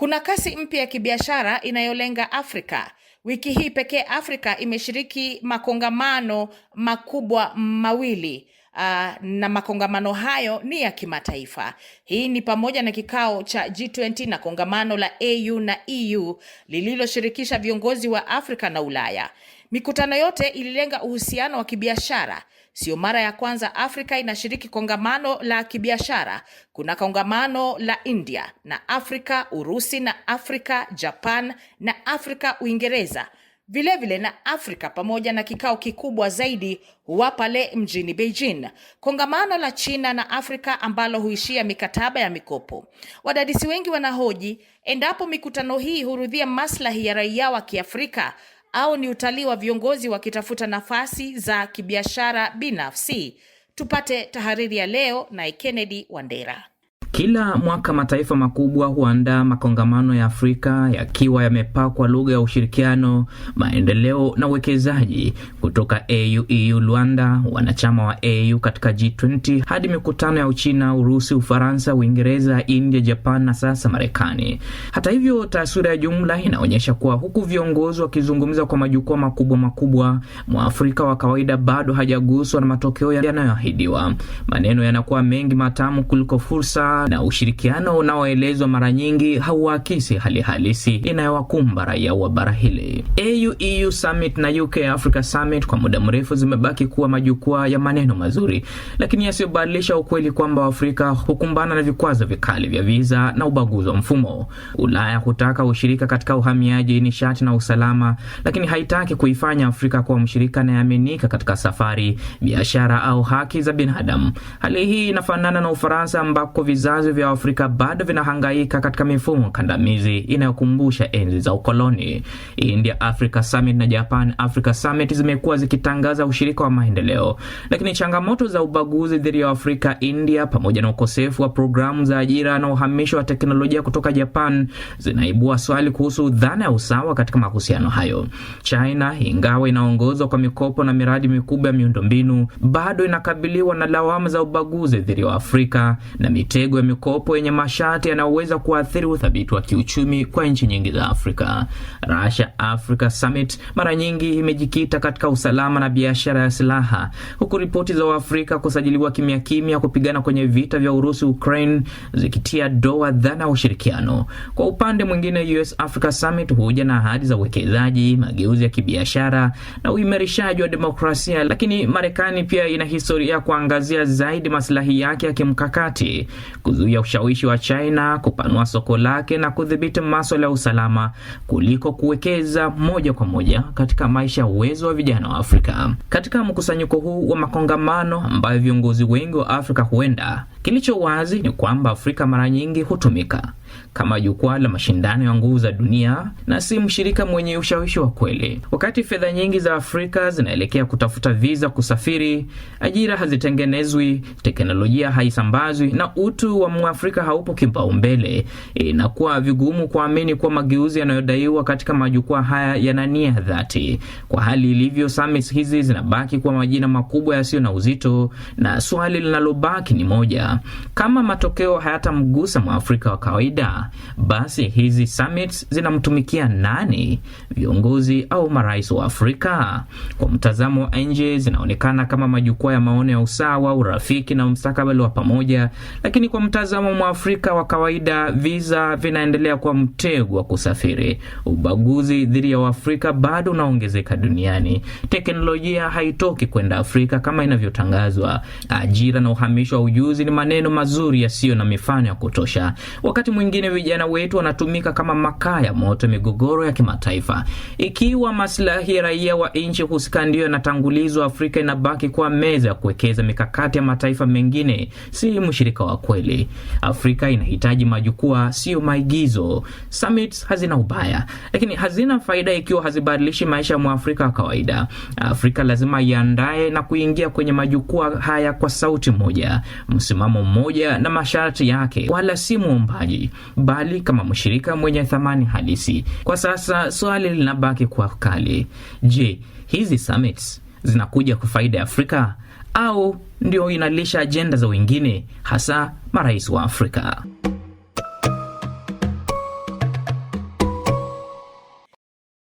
Kuna kasi mpya ya kibiashara inayolenga Afrika. Wiki hii pekee Afrika imeshiriki makongamano makubwa mawili uh, na makongamano hayo ni ya kimataifa. Hii ni pamoja na kikao cha G20 na kongamano la AU na EU lililoshirikisha viongozi wa Afrika na Ulaya. Mikutano yote ililenga uhusiano wa kibiashara. Sio mara ya kwanza Afrika inashiriki kongamano la kibiashara. Kuna kongamano la India na Afrika, Urusi na Afrika, Japan na Afrika, Uingereza vilevile na Afrika pamoja na kikao kikubwa zaidi wa pale mjini Beijing, kongamano la China na Afrika ambalo huishia mikataba ya mikopo. Wadadisi wengi wanahoji endapo mikutano hii hurudhia maslahi ya raia wa Kiafrika au ni utalii wa viongozi wakitafuta nafasi za kibiashara binafsi. Tupate tahariri ya leo na Kennedy Wandera. Kila mwaka mataifa makubwa huandaa makongamano ya Afrika yakiwa yamepakwa lugha ya ushirikiano, maendeleo na uwekezaji, kutoka AU EU Luanda, wanachama wa AU katika G20 hadi mikutano ya Uchina, Urusi, Ufaransa, Uingereza, India, Japan na sasa Marekani. Hata hivyo, taswira ya jumla inaonyesha kuwa huku viongozi wakizungumza kwa majukwaa makubwa makubwa, mwaafrika wa kawaida bado hajaguswa na matokeo yanayoahidiwa. Maneno yanakuwa mengi matamu kuliko fursa na ushirikiano unaoelezwa mara nyingi hauakisi hali halisi inayowakumba raia wa bara hili. AU EU Summit na UK Africa Summit kwa muda mrefu zimebaki kuwa majukwaa ya maneno mazuri, lakini yasiyobadilisha ukweli kwamba Waafrika hukumbana na vikwazo vikali vya viza na ubaguzi wa mfumo. Ulaya hutaka ushirika katika uhamiaji, nishati na usalama, lakini haitaki kuifanya Afrika kuwa mshirika anayeaminika katika safari, biashara au haki za binadamu. Hali hii inafanana na Ufaransa ambako viza vizazi vya Afrika bado vinahangaika katika mifumo kandamizi inayokumbusha enzi za ukoloni. India Africa Summit na Japan Africa Summit zimekuwa zikitangaza ushirika wa maendeleo, lakini changamoto za ubaguzi dhidi ya Afrika India pamoja na ukosefu wa programu za ajira na uhamisho wa teknolojia kutoka Japan zinaibua swali kuhusu dhana ya usawa katika mahusiano hayo. China, ingawa inaongozwa kwa mikopo na miradi mikubwa ya miundombinu, bado inakabiliwa na lawama za ubaguzi dhidi ya Afrika na mitego ya mikopo yenye masharti yanayoweza kuathiri uthabiti wa kiuchumi kwa nchi nyingi za Afrika. Russia Africa Summit mara nyingi imejikita katika usalama na biashara ya silaha, huku ripoti za Waafrika kusajiliwa kimya kimya kupigana kwenye vita vya Urusi Ukraine zikitia doa dhana ya ushirikiano. Kwa upande mwingine, US Africa Summit huja na ahadi za uwekezaji, mageuzi ya kibiashara na uimarishaji wa demokrasia, lakini Marekani pia ina historia ya kuangazia zaidi masilahi yake ya kimkakati kuzuia ushawishi wa China kupanua soko lake na kudhibiti masuala ya usalama kuliko kuwekeza moja kwa moja katika maisha ya uwezo wa vijana wa Afrika. Katika mkusanyiko huu wa makongamano ambayo viongozi wengi wa Afrika huenda Kilicho wazi ni kwamba Afrika mara nyingi hutumika kama jukwaa la mashindano ya nguvu za dunia na si mshirika mwenye ushawishi wa kweli. Wakati fedha nyingi za Afrika zinaelekea kutafuta viza kusafiri, ajira hazitengenezwi, teknolojia haisambazwi na utu wa Mwafrika haupo kipaumbele, inakuwa vigumu kuamini kuwa mageuzi yanayodaiwa katika majukwaa haya yana nia dhati. Kwa hali ilivyo, summits hizi zinabaki kuwa majina makubwa yasiyo na uzito, na swali linalobaki ni moja kama matokeo hayatamgusa mwaafrika wa kawaida, basi hizi summits zinamtumikia nani? Viongozi au marais wa Afrika? Kwa mtazamo wa nje, zinaonekana kama majukwaa ya maono ya usawa, urafiki na mstakabali wa pamoja, lakini kwa mtazamo afrika wa kawaida, visa vinaendelea kuwa mtego wa kusafiri. Ubaguzi dhidi ya Waafrika bado unaongezeka duniani. Teknolojia haitoki kwenda Afrika kama inavyotangazwa. Ajira na uhamisho wa ujuzi ni maneno mazuri yasiyo na mifano ya kutosha. Wakati mwingine vijana wetu wanatumika kama makaa ya moto migogoro ya kimataifa. Ikiwa maslahi ya raia wa nchi husika ndiyo yanatangulizwa, Afrika inabaki kuwa meza ya kuwekeza mikakati ya mataifa mengine, si mshirika wa kweli. Afrika inahitaji majukwaa, siyo maigizo. Summits hazina ubaya, lakini hazina faida ikiwa hazibadilishi maisha ya mwafrika wa kawaida. Afrika lazima iandae na kuingia kwenye majukwaa haya kwa sauti moja, msimamo msimamo mmoja na masharti yake, wala si mwombaji, bali kama mshirika mwenye thamani halisi. Kwa sasa swali linabaki kuwa kali: je, hizi summits zinakuja kwa faida ya Afrika au ndio inalisha ajenda za wengine, hasa marais wa Afrika?